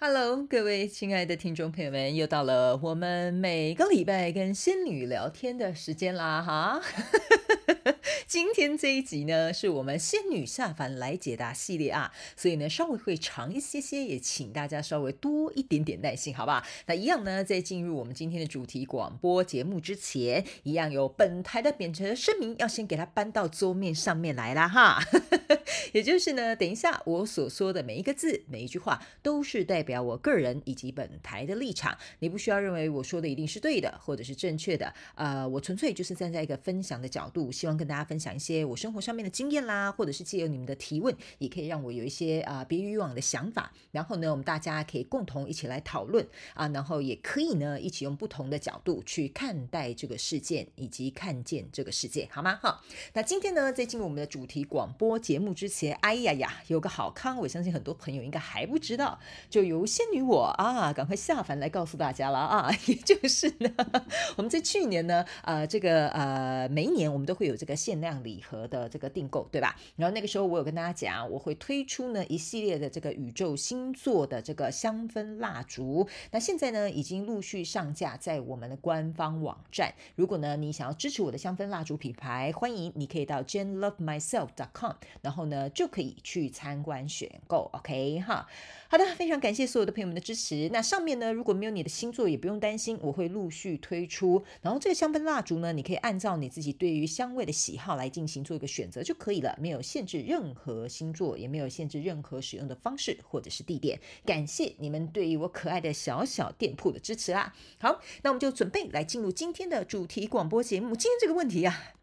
哈嘍，Hello, 各位親愛的聽眾朋友們，又到了我們每個禮拜跟仙女聊天的時間啦，哈。 今天這一集呢，是我們仙女下凡來解答系列啊，所以呢稍微會長一些些，也請大家稍微多一點點耐心，好不好？那一樣呢，在進入我們今天的主題廣播節目之前，一樣有本台的免責聲明，要先給它搬到桌面上面來啦哈。 也就是呢，等一下我所說的每一個字、每一句話，都是代表我個人以及本台的立場，你不需要認為我說的一定是對的或者是正確的。啊、呃。我純粹就是站在一個分享的角度，希望跟大家分享一些我生活上面的經驗啦，或者是借由你們的提問，也可以讓我有一些啊、呃、別於以往的想法。然後呢，我們大家可以共同一起來討論啊，然後也可以呢一起用不同的角度去看待這個事件以及看見這個世界，好嗎？好，那今天呢，在進入我們的主題廣播節目之前，哎呀呀，有個好康，我相信很多朋友應該還不知道，就由仙女我啊，趕快下凡來告訴大家了啊，也就是呢， 我們在去年呢，啊、呃，這個呃，每一年我們都會有這個。限量禮盒的這個訂購，對吧？然後那個時候我有跟大家講，我會推出呢一系列的這個宇宙星座的這個香氛蠟燭。那現在呢已經陸續上架在我們的官方網站。如果呢你想要支持我的香氛蠟燭品牌，歡迎你可以到 jhenlovemyself.com，然後呢就可以去參觀選購。OK 哈。好的，非常感謝所有的朋友們的支持。那上面呢，如果沒有你的星座，也不用擔心，我會陸續推出。然後這個香氛蠟燭呢，你可以按照你自己對於香味的喜好來進行做一個選擇就可以了，沒有限制任何星座，也沒有限制任何使用的方式或者是地點。感謝你們對於我可愛的小小店鋪的支持啦啊。好，那我們就準備來進入今天的主題廣播節目。今天這個問題啊。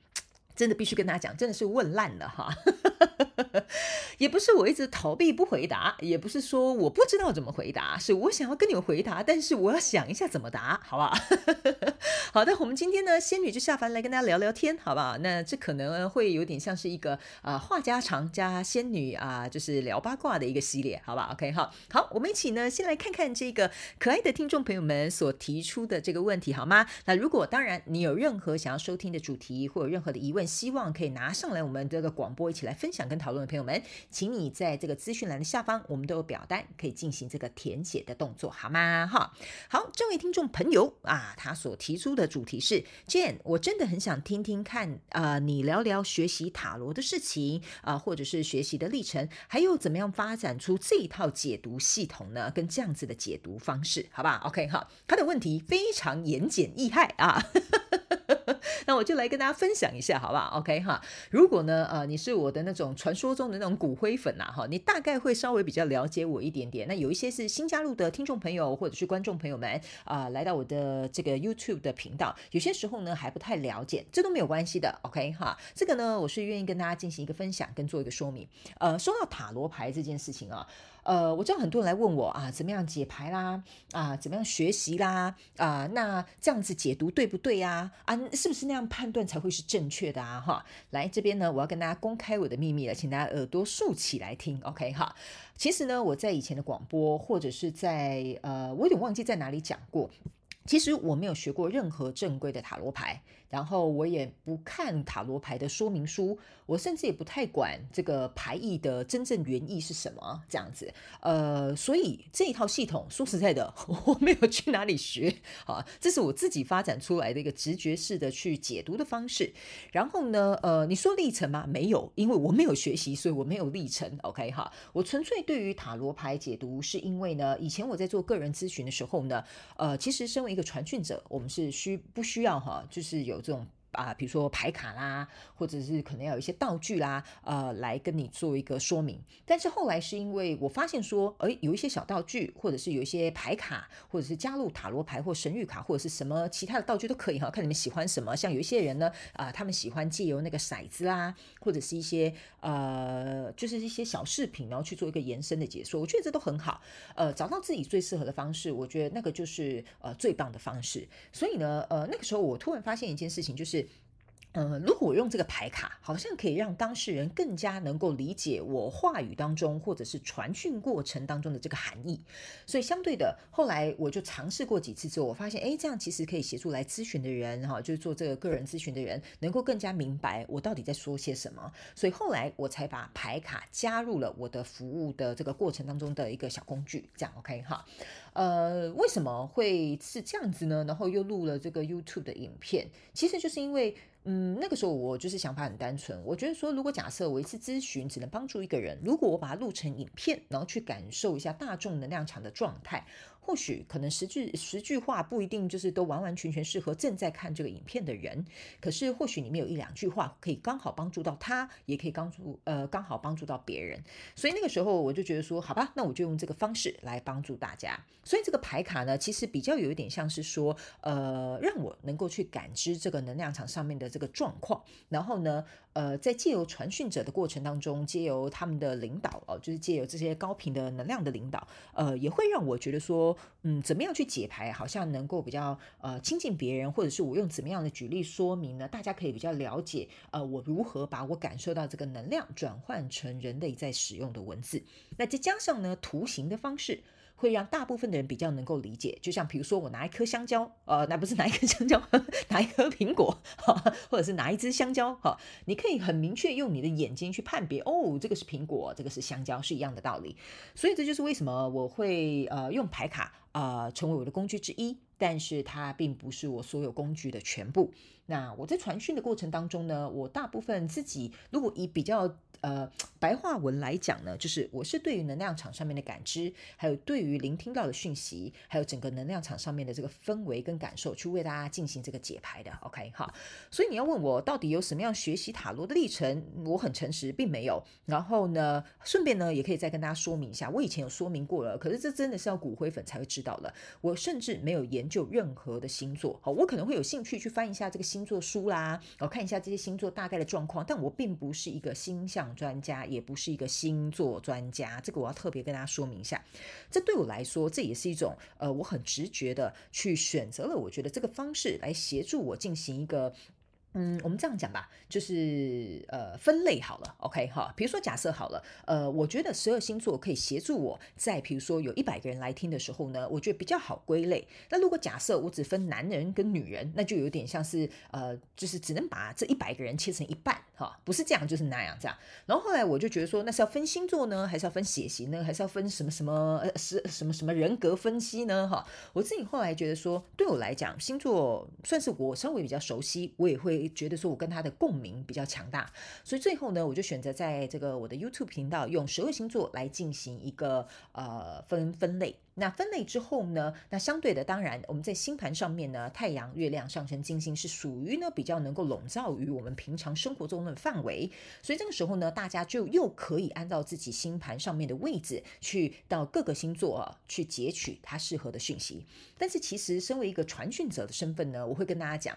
真的必須跟大家講，真的是問爛了哈， 也不是我一直逃避不回答，也不是說我不知道怎麼回答，是我想要跟你們回答，但是我要想一下怎麼答，好不好？ 好的，我們今天呢，仙女就下凡來跟大家聊聊天，好不好？那這可能會有點像是一個啊、話、呃、家常加仙女啊、呃，就是聊八卦的一個系列，好不好？OK 哈，好，我們一起呢，先來看看這個可愛的聽眾朋友們所提出的這個問題，好嗎？那如果當然你有任何想要收聽的主題或有任何的疑問。希望可以拿上來我們這個廣播一起來分享跟討論的朋友們，請你在這個資訊欄的下方，我們都有表單可以進行這個填寫的動作，好嗎？哈，好，這位聽眾朋友啊，他所提出的主題是：Jhen，我真的很想聽聽看啊、呃，你聊聊學習塔羅的事情啊、呃，或者是學習的歷程，還有怎麼樣發展出這一套解讀系統呢？跟這樣子的解讀方式，好吧？OK 好，他的問題非常言簡意賅啊。 那我就來跟大家分享一下，好不好？OK 哈，如果呢，呃，你是我的那種傳說中的那種骨灰粉吶、啊，哈，你大概會稍微比較了解我一點點。那有一些是新加入的聽眾朋友或者是觀眾朋友們啊、呃，來到我的這個 YouTube 的頻道，有些時候呢還不太了解，這都沒有關係的。OK 哈，這個呢我是願意跟大家進行一個分享跟做一個說明。呃，說到塔羅牌這件事情啊。呃，我知道很多人來問我啊，怎麼樣解牌啦，啊，怎麼樣學習啦，啊，那這樣子解讀對不對啊？啊，是不是那樣判斷才會是正確的啊？哈，來，這邊呢，我要跟大家公開我的秘密了，請大家耳朵豎起來聽，OK 哈。其實呢，我在以前的廣播或者是在呃，我有點忘記在哪裡講過。其實我沒有學過任何正規的塔羅牌，然後我也不看塔羅牌的說明書，我甚至也不太管這個牌意的真正原意是什麼這樣子。呃，所以這一套系統說實在的，我沒有去哪裡學啊，這是我自己發展出來的一個直覺式的去解讀的方式。然後呢，呃，你說歷程嗎？沒有，因為我沒有學習，所以我沒有歷程。OK 哈，我純粹對於塔羅牌解讀是因為呢，以前我在做個人諮詢的時候呢，呃，其實身為一個傳訊者，我們是需不需要哈？就是有這種。啊、呃，比如說牌卡啦，或者是可能要有一些道具啦，呃，來跟你做一個說明。但是後來是因為我發現說，哎，有一些小道具，或者是有一些牌卡，或者是加入塔羅牌或神諭卡，或者是什麼其他的道具都可以哈，看你們喜歡什麼。像有一些人呢，啊、呃，他們喜歡借由那個骰子啦，或者是一些呃，就是一些小飾品，然後去做一個延伸的解說。我覺得這都很好。呃，找到自己最適合的方式，我覺得那個就是呃最棒的方式。所以呢，呃，那個時候我突然發現一件事情，就是。嗯、呃，如果我用這個牌卡，好像可以讓當事人更加能夠理解我話語當中，或者是傳訊過程當中的這個含義。所以相對的，後來我就嘗試過幾次之後，我發現，誒，這樣其實可以協助來諮詢的人，哈，就是做這個個人諮詢的人，能夠更加明白我到底在說些什麼。所以後來我才把牌卡加入了我的服務的這個過程當中的一個小工具，這樣 OK 哈。呃，為什麼會是這樣子呢？然後又錄了這個 YouTube 的影片，其實就是因為。嗯，那個時候我就是想法很單純，我覺得說，如果假設我一次諮詢只能幫助一個人，如果我把它錄成影片，然後去感受一下大眾能量場的狀態。或許可能十句十句話不一定就是都完完全全適合正在看這個影片的人，可是或許裡面有一兩句話可以剛好幫助到他，也可以幫助呃剛好幫助到別人。所以那個時候我就覺得說，好吧，那我就用這個方式來幫助大家。所以這個牌卡呢，其實比較有一點像是說，呃，讓我能夠去感知這個能量場上面的這個狀況，然後呢，呃，在借由傳訊者的過程當中，借由他們的領導哦，呃，就是借由這些高頻的能量的領導，呃，也會讓我覺得說。嗯，怎麼樣去解牌，好像能夠比較呃親近別人，或者是我用怎麼樣的舉例說明呢？大家可以比較了解呃，我如何把我感受到這個能量轉換成人類在使用的文字，那再加上呢，圖形的方式。會讓大部分的人比較能夠理解，就像比如說我拿一顆香蕉，呃，那不是拿一顆香蕉，呵呵拿一顆蘋果，呵或者是拿一支香蕉呵，你可以很明確用你的眼睛去判別，哦，這個是蘋果，這個是香蕉，是一樣的道理。所以這就是為什麼我會呃用牌卡啊、呃、成為我的工具之一，但是它並不是我所有工具的全部。那我在傳訊的過程當中呢，我大部分自己如果以比較呃白話文來講呢，就是我是對於能量場上面的感知，還有對於聆聽到的訊息，還有整個能量場上面的這個氛圍跟感受，去為大家進行這個解牌的。OK 哈，所以你要問我到底有什麼樣學習塔羅的歷程，我很誠實，並沒有。然後呢，順便呢也可以再跟大家說明一下，我以前有說明過了，可是這真的是要骨灰粉才會知道的。我甚至沒有研究任何的星座，好，我可能會有興趣去翻一下這個星。星座書啦，我看一下這些星座大概的狀況。但我並不是一個星象專家，也不是一個星座專家，這個我要特別跟大家說明一下。這對我來說，這也是一種呃，我很直覺的去選擇了，我覺得這個方式來協助我進行一個。嗯，我們這樣講吧，就是呃，分類好了，OK 哈。比如說假設好了，呃，我覺得十二星座可以協助我，在比如說有一百個人來聽的時候呢，我覺得比較好歸類。那如果假設我只分男人跟女人，那就有點像是呃，就是只能把這一百個人切成一半哈，不是這樣就是那樣這樣。然後後來我就覺得說，那是要分星座呢，還是要分血型呢，還是要分什麼什麼呃，是什麼什麼人格分析呢？哈，我自己後來覺得說，對我來講，星座算是我稍微比較熟悉，我也會。覺得說我跟他的共鳴比較強大，所以最後呢，我就選擇在這個我的 YouTube 頻道用十二星座來進行一個呃分分類。那分類之後呢，那相對的，當然我們在星盤上面呢，太陽、月亮、上升、金星是屬於呢比較能夠籠罩於我們平常生活中的範圍，所以這個時候呢，大家就又可以按照自己星盤上面的位置去到各個星座啊，去截取它適合的訊息。但是其實身為一個傳訊者的身份呢，我會跟大家講。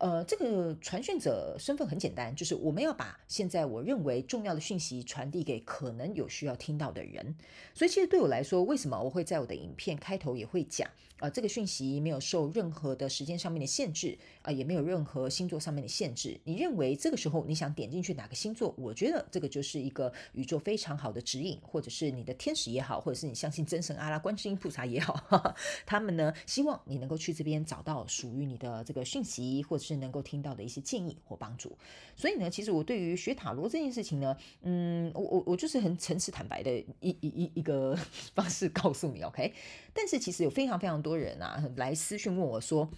呃，這個傳訊者身份很簡單，就是我們要把現在我認為重要的訊息傳遞給可能有需要聽到的人。所以，其實對我來說，為什麼我會在我的影片開頭也會講。呃，這個訊息沒有受任何的時間上面的限制，啊、呃，也沒有任何星座上面的限制。你認為這個時候你想點進去哪個星座？我覺得這個就是一個宇宙非常好的指引，或者是你的天使也好，或者是你相信真神阿拉、觀音菩薩也好，哈哈。他們呢，希望你能夠去這邊找到屬於你的這個訊息，或者是能夠聽到的一些建議或幫助。所以呢，其實我對於學塔羅這件事情呢，嗯，我我我就是很誠實坦白的一一一一，一個方式告訴你，OK。但是其實有非常非常多。多人啊，來私訊問我說，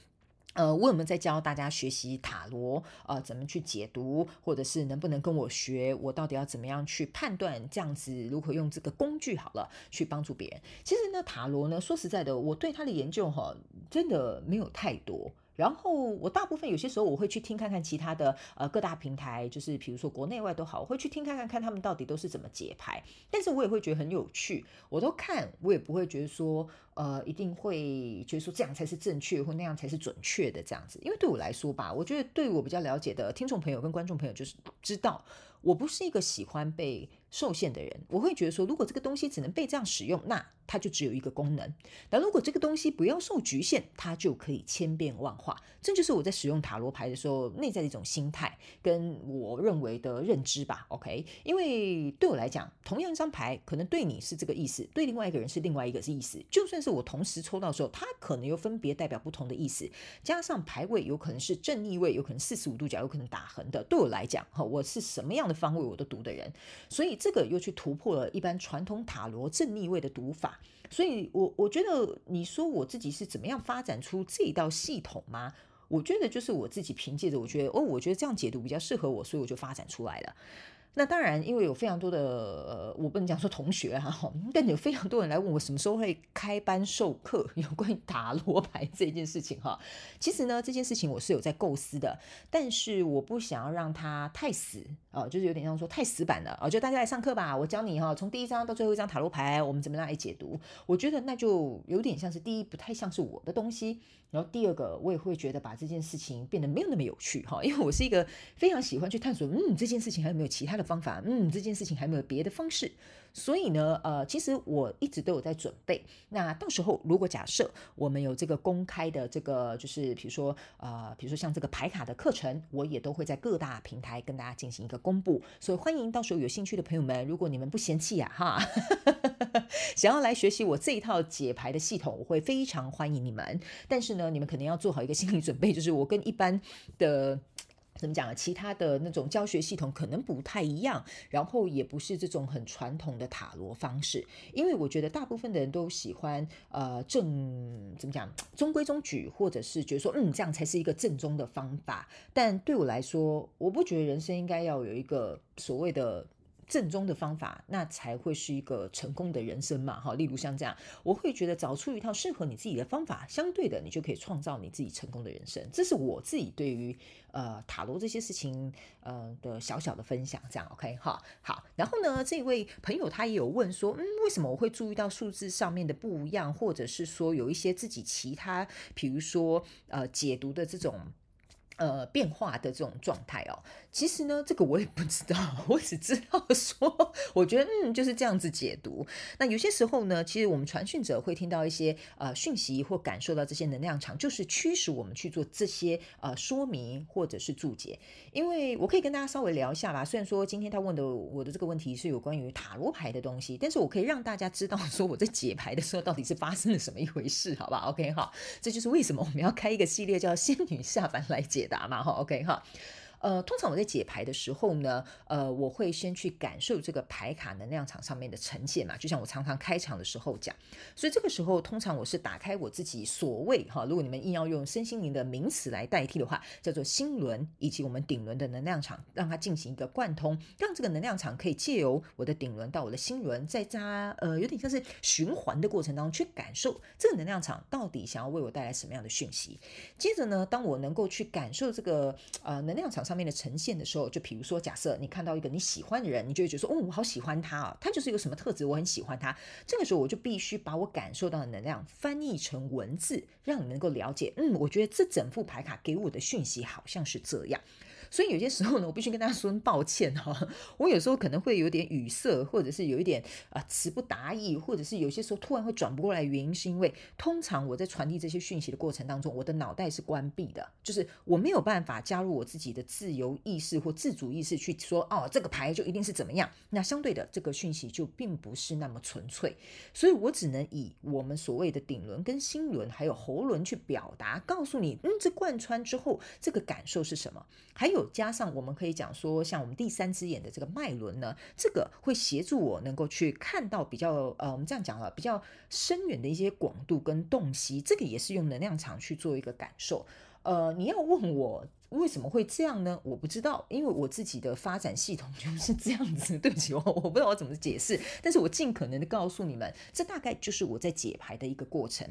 呃，我有沒有在教大家學習塔羅啊，呃，怎麼去解讀，或者是能不能跟我學？我到底要怎麼樣去判斷？這樣子如何用這個工具好了去幫助別人。其實呢，塔羅呢，說實在的，我對他的研究哈，真的沒有太多。然後我大部分有些時候，我會去聽看看其他的，呃，各大平台，就是比如說國內外都好，我會去聽看看看他們到底都是怎麼解牌，但是我也會覺得很有趣，我都看，我也不會覺得說呃一定會覺得說，這樣才是正確或那樣才是準確的這樣子，因為對我來說吧，我覺得對我比較了解的聽眾朋友跟觀眾朋友就是知道。我不是一個喜歡被受限的人，我會覺得說，如果這個東西只能被這樣使用，那它就只有一個功能。那如果這個東西不要受局限，它就可以千變萬化。這就是我在使用塔羅牌的時候內在的一種心態，跟我認為的認知吧。OK，因為對我來講，同樣一張牌，可能對你是這個意思，對另外一個人是另外一個是意思。就算是我同時抽到的時候，它可能又分別代表不同的意思，加上牌位有可能是正逆位，有可能四十五度角，有可能打橫的。對我來講，哈，我是什麼樣的？方位我都讀的人，所以這個又去突破了一般傳統塔羅正逆位的讀法，所以我我覺得你說我自己是怎麼樣發展出這一道系統嗎？我覺得就是我自己憑借着，我覺得哦，我覺得這樣解讀比較適合我，所以我就發展出來了。那當然，因為有非常多的呃，我不能講說同學啊，但有非常多人來問我什麼時候會開班授課有關於塔羅牌這件事情哈。其實呢，這件事情我是有在構思的，但是我不想要讓它太死。啊、哦，就是有點像說太死板了啊、哦！就大家來上課吧，我教你哈、哦，從第一張到最後一張塔羅牌，我們怎麼來解讀？我覺得那就有點像是第一不太像是我的東西，然後第二個我也會覺得把這件事情變得沒有那麼有趣哈，因為我是一個非常喜歡去探索，嗯，這件事情還有沒有其他的方法？嗯，這件事情還有沒有別的方式？所以呢，呃，其實我一直都有在準備。那到時候如果假設我們有這個公開的這個，就是比如說，呃，比如說像這個牌卡的課程，我也都會在各大平台跟大家進行一個公布。所以歡迎到時候有興趣的朋友們，如果你們不嫌棄啊哈， 想要來學習我這一套解牌的系統，我會非常歡迎你們。但是呢，你們可能要做好一個心理準備，就是我跟一般的。怎麼講啊？其他的那種教學系統可能不太一樣，然後也不是這種很傳統的塔羅方式，因為我覺得大部分的人都喜歡呃，正怎麼講，中規中矩，或者是覺得說嗯，這樣才是一個正宗的方法。但對我來說，我不覺得人生應該要有一個所謂的。正宗的方法，那才會是一個成功的人生嘛，哈。例如像這樣，我會覺得找出一套適合你自己的方法，相對的，你就可以創造你自己成功的人生。這是我自己對於呃塔羅這些事情呃的小小的分享，這樣 OK 哈。好，然後呢，這位朋友他也有問說，嗯，為什麼我會注意到數字上面的不一樣，或者是說有一些自己其他，比如說呃解讀的這種。呃，變化的這種狀態哦，其實呢，這個我也不知道，我只知道說，我覺得嗯，就是這樣子解讀。那有些時候呢，其實我們傳訊者會聽到一些呃訊息，或感受到這些能量場，就是驅使我們去做這些呃說明或者是注解。因為我可以跟大家稍微聊一下吧。雖然說今天他問的我的這個問題是有關於塔羅牌的東西，但是我可以讓大家知道說我在解牌的時候到底是發生了什麼一回事，好吧？OK，好，這就是為什麼我們要開一個系列叫“仙女下凡來解”。解答嘛哈，OK 哈。呃，通常我在解牌的時候呢，呃，我會先去感受這個牌卡能量場上面的呈現嘛，就像我常常開場的時候講，所以這個時候通常我是打開我自己所謂哈，如果你們硬要用身心靈的名詞來代替的話，叫做心輪以及我們頂輪的能量場，讓它進行一個貫通，讓這個能量場可以借由我的頂輪到我的心輪，再加呃有點像是循環的過程當中去感受這個能量場到底想要為我帶來什麼樣的訊息。接着呢，當我能夠去感受這個呃能量場上。上面的呈現的時候，就比如說，假設你看到一個你喜歡的人，你就會覺得說：“哦、嗯，我好喜歡他啊，他就是一個什麼特質，我很喜歡他。”這個時候，我就必須把我感受到的能量翻譯成文字，讓你能夠了解。嗯，我覺得這整副牌卡給我的訊息好像是這樣。所以有些時候呢，我必須跟大家說聲抱歉哈、哦，我有時候可能會有點語塞，或者是有一點啊呃、詞不達意，或者是有些時候突然會轉不過來，原因是因為通常我在傳遞這些訊息的過程當中，我的腦袋是關閉的，就是我沒有辦法加入我自己的自由意識或自主意識去說哦，這個牌就一定是怎麼樣。那相對的，這個訊息就並不是那麼純粹，所以我只能以我們所謂的頂輪、跟心輪還有喉輪去表達，告訴你，嗯，這貫穿之後這個感受是什麼，還有。加上我們可以講說，像我們第三隻眼的這個脈輪呢，這個會協助我能夠去看到比較呃，我們這樣講了比較深遠的一些廣度跟洞悉，這個也是用能量場去做一個感受。呃，你要問我為什麼會這樣呢？我不知道，因為我自己的發展系統就是這樣子。對不起，我我不知道我怎麼解釋，但是我盡可能的告訴你們，這大概就是我在解牌的一個過程。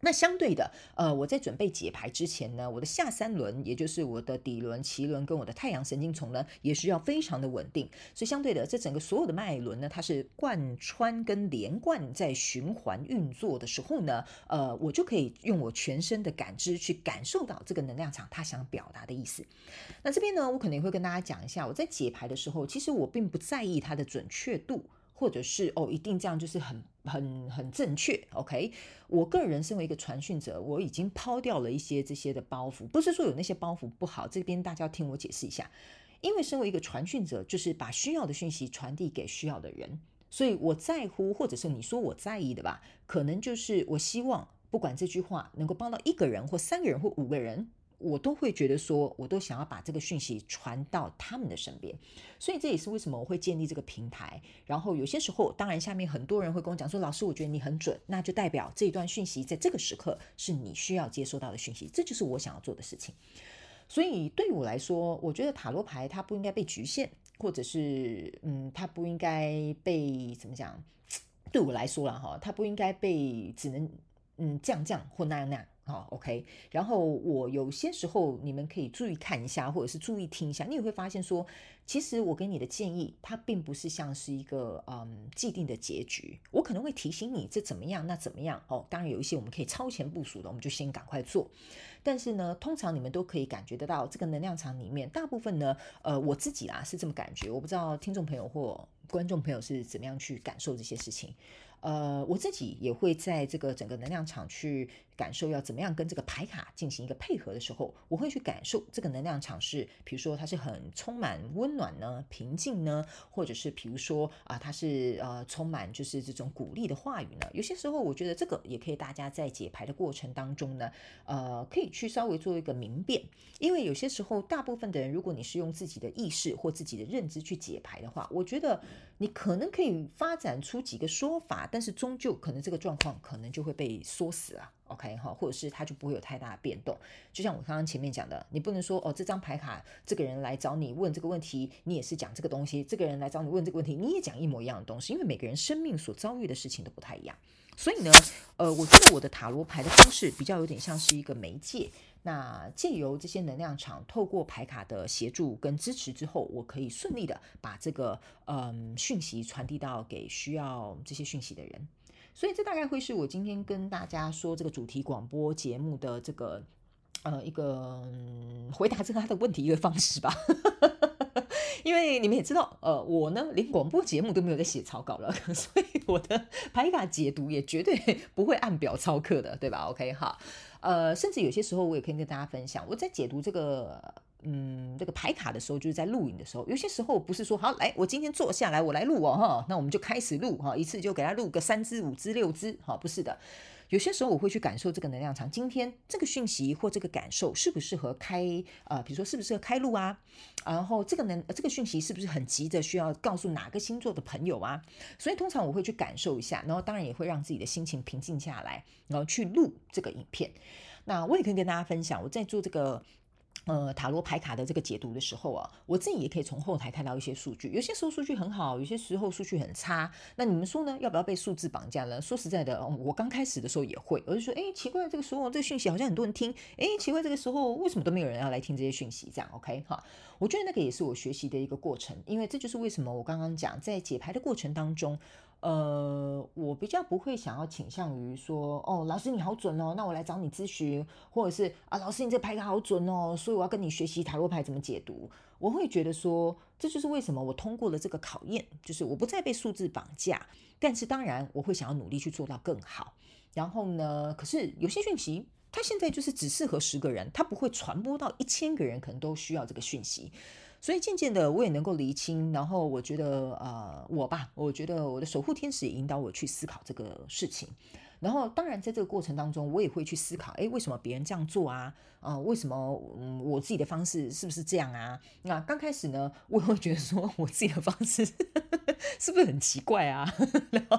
那相對的，呃，我在準備解牌之前呢，我的下三輪，也就是我的底輪、臍輪跟我的太陽神經叢呢，也需要非常的穩定。所以相對的，這整個所有的脈輪呢，它是貫穿跟連貫在循環運作的時候呢，呃，我就可以用我全身的感知去感受到這個能量場它想表達的意思。那這邊呢，我可能也會跟大家講一下，我在解牌的時候，其實我並不在意它的準確度。或者是哦，一定這樣就是很很很正確，OK？我個人身為一個傳訊者，我已經拋掉了一些這些的包袱，不是說有那些包袱不好。這邊大家要聽我解釋一下，因為身為一個傳訊者，就是把需要的訊息傳遞給需要的人，所以我在乎，或者是你說我在意的吧，可能就是我希望不管這句話能夠幫到一個人，或三個人，或五個人。我都會覺得說，我都想要把這個訊息傳到他們的身邊，所以這也是為什麼我會建立這個平台。然後有些時候，當然下面很多人會跟我講說：“老師，我覺得你很準。”那就代表這一段訊息在這個時刻是你需要接收到的訊息。這就是我想要做的事情。所以對我來說，我覺得塔羅牌它不應該被局限，或者是嗯，它不應該被怎麼講？對我來說啦，哈，它不應該被只能嗯這樣這樣或那樣那樣。好，哦，OK。然後我有些時候，你們可以注意看一下，或者是注意聽一下，你也會發現說，其實我給你的建議，它並不是像是一個嗯既定的結局。我可能會提醒你這怎麼樣，那怎麼樣。哦，當然有一些我們可以超前部署的，我們就先趕快做。但是呢，通常你們都可以感覺得到這個能量場裡面，大部分呢，呃，我自己啊是這麼感覺。我不知道聽眾朋友或觀眾朋友是怎麼樣去感受這些事情。呃，我自己也會在這個整個能量場去。感受要怎麼樣跟這個牌卡進行一個配合的時候，我會去感受這個能量場是，比如說它是很充滿溫暖呢、平靜呢，或者是比如說啊、呃，它是呃充滿就是這種鼓勵的話語呢。有些時候我覺得這個也可以，大家在解牌的過程當中呢，呃，可以去稍微做一個明辨，因為有些時候大部分的人，如果你是用自己的意識或自己的認知去解牌的話，我覺得你可能可以發展出幾個說法，但是終究可能這個狀況可能就會被縮死啊。OK 哈，或者是它就不會有太大的變動。就像我剛剛前面講的，你不能說哦，這張牌卡，這個人來找你問這個問題，你也是講這個東西；這個人來找你問這個問題，你也講一模一樣的東西，因為每個人生命所遭遇的事情都不太一樣。所以呢，呃，我覺得我的塔羅牌的方式比較有點像是一個媒介，那借由這些能量場，透過牌卡的協助跟支持之後，我可以順利的把這個，嗯，訊息傳遞到給需要這些訊息的人。所以這大概會是我今天跟大家說這個主題廣播節目的這個，呃，一個回答這個他的問題一個方式吧， 因為你們也知道，呃，我呢連廣播節目都沒有在寫草稿了，所以我的牌卡解讀也絕對不會按表操課的，對吧？OK 哈，呃，甚至有些時候我也可以跟大家分享，我在解讀這個。嗯，這個牌卡的時候就是在錄影的時候，有些時候不是說好，來，我今天坐下來，我來錄哦，哈，那我們就開始錄哈，一次就給他錄個三支、五支、六支，哈，不是的，有些時候我會去感受這個能量場，今天這個訊息或這個感受適不適合開呃，比如說適不適合開錄啊？然後這個能、呃、這個訊息是不是很急著需要告訴哪個星座的朋友啊？所以通常我會去感受一下，然後當然也會讓自己的心情平靜下來，然後去錄這個影片。那我也可以跟大家分享，我在做這個。呃，塔羅牌卡的這個解讀的時候啊，我自己也可以從後台看到一些數據，有些時候數據很好，有些時候數據很差。那你們說呢？要不要被數字綁架呢？說實在的，嗯、我剛開始的時候也會，我就說，哎、欸，奇怪，這個時候這個訊息好像很多人聽，哎、欸，奇怪，這個時候為什麼都沒有人要來聽這些訊息？這樣，OK，哈，我覺得那個也是我學習的一個過程，因為這就是為什麼我剛剛講在解牌的過程當中。呃，我比較不會想要傾向於說，哦，老師你好準哦，那我來找你諮詢，或者是啊，老師你這牌卡好準哦，所以我要跟你學習塔羅牌怎麼解讀。我會覺得說，這就是為什麼我通過了這個考驗，就是我不再被數字綁架。但是當然，我會想要努力去做到更好。然後呢，可是有些訊息，它現在就是只適合十個人，它不會傳播到一千個人，可能都需要這個訊息。所以漸漸的，我也能夠理清，然後我覺得，呃，我吧，我覺得我的守護天使也引導我去思考這個事情，然後當然在這個過程當中，我也會去思考，哎、欸，為什麼別人這樣做啊？啊、呃，為什麼嗯，我自己的方式是不是這樣啊？那剛開始呢，我會覺得說我自己的方式 是不是很奇怪啊？ 然後，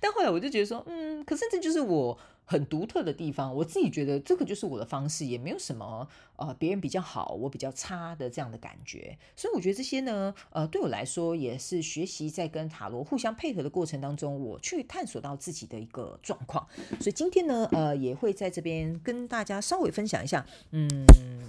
但後來我就覺得說，嗯，可是這就是我。很獨特的地方，我自己覺得這個就是我的方式，也沒有什麼呃別人比較好，我比較差的這樣的感覺，所以我覺得這些呢，呃，對我來說也是學習在跟塔羅互相配合的過程當中，我去探索到自己的一個狀況，所以今天呢，呃，也會在這邊跟大家稍微分享一下，嗯，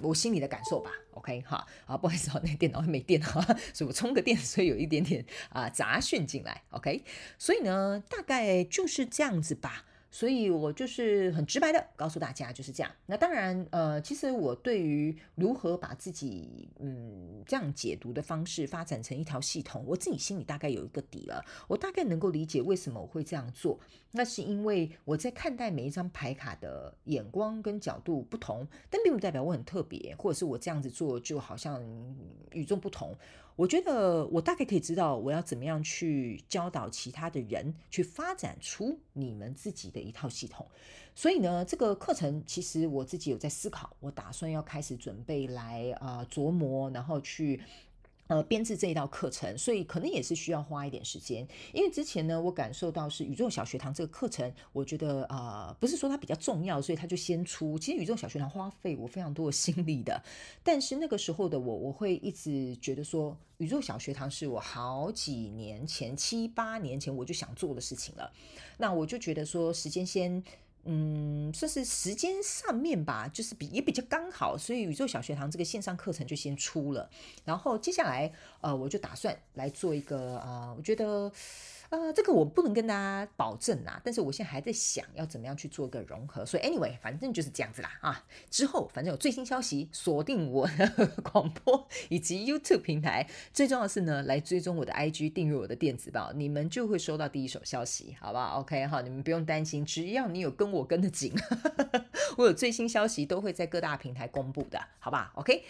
我心裡的感受吧。OK，哈，啊，不好意思，那個、電腦會沒電哈， 所以我充個電，所以有一點點啊、呃、雜訊進來。OK，所以呢，大概就是這樣子吧。所以我就是很直白的告訴大家，就是這樣。那當然，呃，其實我對於如何把自己嗯，這樣解讀的方式發展成一條系統，我自己心裡大概有一個底了。我大概能夠理解為什麼我會這樣做，那是因為我在看待每一張牌卡的眼光跟角度不同，但並不代表我很特別，或者是我這樣子做就好像與眾不同。我覺得我大概可以知道我要怎麼樣去教導其他的人去發展出你們自己的一套系統，所以呢，這個課程其實我自己有在思考，我打算要開始準備來啊，呃，琢磨，然後去。呃，編製這一套課程，所以可能也是需要花一點時間。因為之前呢，我感受到是宇宙小學堂這個課程，我覺得啊、呃，不是說它比較重要，所以他就先出。其實宇宙小學堂花費我非常多的心力的，但是那個時候的我，我會一直覺得說，宇宙小學堂是我好幾年前、七八年前我就想做的事情了。那我就覺得說，時間先。嗯，算是時間上面吧，就是比也比較剛好，所以宇宙小學堂這個線上課程就先出了，然後接下來呃，我就打算來做一個啊，呃，我覺得。呃，這個我不能跟大家保證啦，但是我現在還在想要怎麼樣去做個融合，所以 anyway 反正就是這樣子啦啊，之後反正有最新消息鎖定我的呵呵廣播以及 YouTube 平台，最重要的是呢，來追蹤我的 IG，訂閱我的電子報，你們就會收到第一手消息，好不好？OK 哈，你們不用擔心，只要你有跟我跟得緊呵呵呵，我有最新消息都會在各大平台公布的，好吧？OK。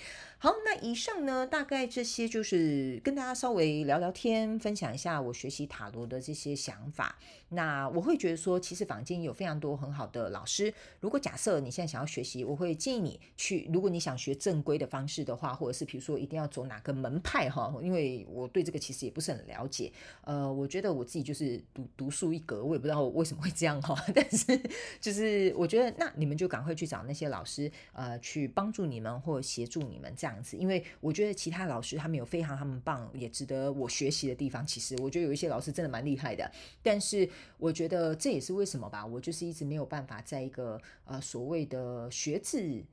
好，那以上呢，大概這些就是跟大家稍微聊聊天，分享一下我學習塔羅的這些想法。那我會覺得說，其實坊間有非常多很好的老師。如果假設你現在想要學習，我會建議你去。如果你想學正規的方式的話，或者是比如說一定要走哪個門派哈，因為我對這個其實也不是很了解。呃，我覺得我自己就是獨獨樹一格，我也不知道為什麼會這樣哈。但是就是我覺得，那你們就趕快去找那些老師，呃，去幫助你們或協助你們這樣。因為我覺得其他老師他們有非常他們棒，也值得我學習的地方。其實我覺得有一些老師真的蠻厲害的，但是我覺得這也是為什麼吧，我就是一直沒有辦法在一個，呃，所謂的學制。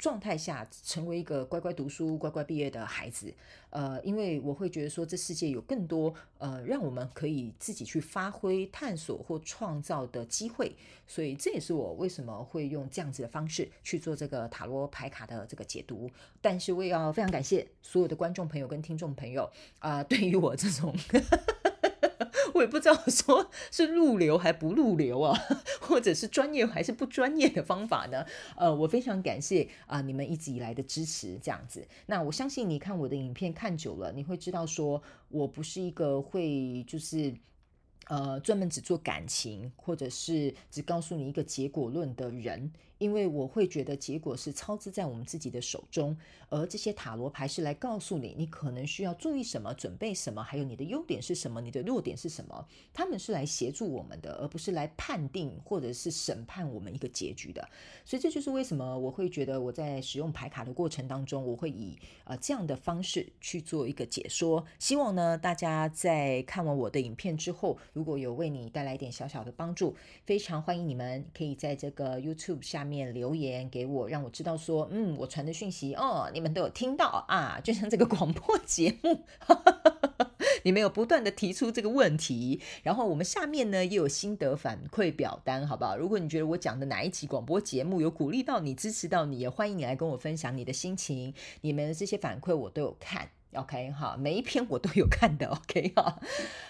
狀態下成為一個乖乖讀書、乖乖畢業的孩子，呃，因為我會覺得說這世界有更多呃讓我們可以自己去發揮、探索或創造的機會，所以這也是我為什麼會用這樣子的方式去做這個塔羅牌卡的這個解讀。但是我也要非常感謝所有的觀眾朋友跟聽眾朋友啊，呃，對於我這種。 我也不知道說是入流還不入流啊，或者是專業還是不專業的方法呢？呃，我非常感謝啊，呃，你們一直以來的支持，這樣子。那我相信你看我的影片看久了，你會知道說我不是一個會就是呃專門只做感情，或者是只告訴你一個結果論的人。因為我會覺得結果是操之在我們自己的手中，而這些塔羅牌是來告訴你你可能需要注意什麼、準備什麼，還有你的優點是什麼、你的弱點是什麼。他們是來協助我們的，而不是來判定或者是審判我們一個結局的。所以這就是為什麼我會覺得我在使用牌卡的過程當中，我會以呃這樣的方式去做一個解說。希望呢，大家在看完我的影片之後，如果有為你帶來一點小小的幫助，非常歡迎你們可以在這個 YouTube 下面。面留言給我，讓我知道說，嗯，我傳的訊息哦，你們都有聽到啊，就像這個廣播節目，哈哈哈哈，你們有不斷的提出這個問題，然後我們下面呢也有心得反饋表單，好不好？如果你覺得我講的哪一期廣播節目有鼓勵到你，支持到你，也歡迎你來跟我分享你的心情，你們的這些反饋我都有看。OK，好，每一篇我都有看的，OK，好，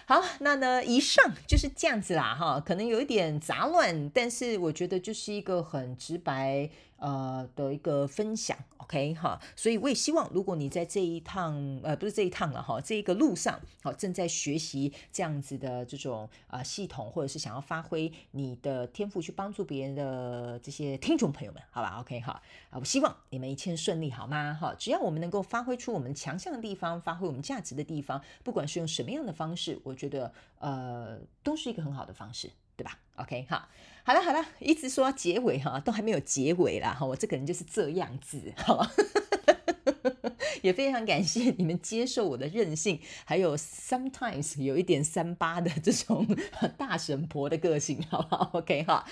好，那呢，以上就是這樣子啦，哈，可能有一點雜亂，但是我覺得就是一個很直白。呃的一個分享，OK 哈，所以我也希望，如果你在這一趟呃不是這一趟了哈，這一個路上，好正在學習這樣子的這種啊、呃、系統，或者是想要發揮你的天賦去幫助別人的這些聽眾朋友們，好吧，OK 哈啊，我希望你們一切順利，好嗎？哈，只要我們能夠發揮出我們強項的地方，發揮我們價值的地方，不管是用什麼樣的方式，我覺得呃都是一個很好的方式。對吧？OK，好，好了，好了，一直說結尾哈，都還沒有結尾啦，哈，我這個人就是這樣子哈。好 也非常感謝你們接受我的任性，還有 sometimes 有一點三八的這種大嬸婆的個性，好不好？okay, 好？OK 哈，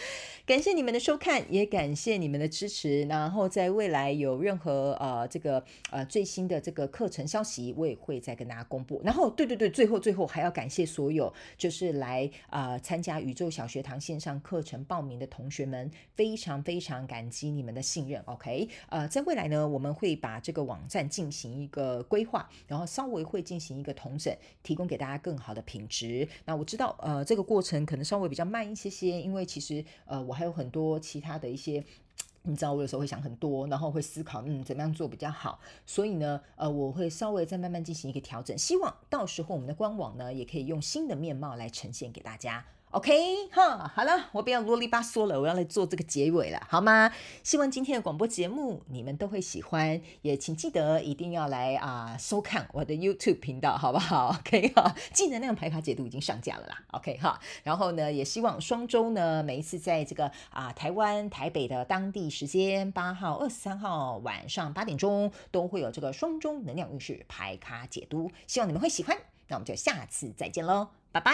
感謝你們的收看，也感謝你們的支持。然後在未來有任何呃這個呃最新的這個課程消息，我也會再跟大家公布。然後對對對，最後最後還要感謝所有就是來呃參加宇宙小學堂線上課程報名的同學們，非常非常感激你們的信任。OK，呃，在未來呢，我們會把這個網站進行一個規劃，然後稍微會進行一個統整，提供給大家更好的品質。那我知道，呃，這個過程可能稍微比較慢一些些，因為其實，呃，我還有很多其他的一些，你知道，我有時候會想很多，然後會思考，嗯，怎麼樣做比較好。所以呢，呃，我會稍微再慢慢進行一個調整，希望到時候我們的官網呢，也可以用新的面貌來呈現給大家。OK 哈，好了，我不要囉里吧嗦了，我要來做這個結尾了，好嗎？希望今天的廣播節目你們都會喜歡，也請記得一定要來啊、呃、收看我的 YouTube 頻道，好不好？OK 哈，今日能量牌卡解讀已經上架了啦，OK 哈。然後呢，也希望雙週呢每一次在這個啊、呃、台灣台北的當地時間八號、二十三號晚上八點鐘都會有這個雙週能量運勢牌卡解讀，希望你們會喜歡。那我們就下次再見嘍，拜拜。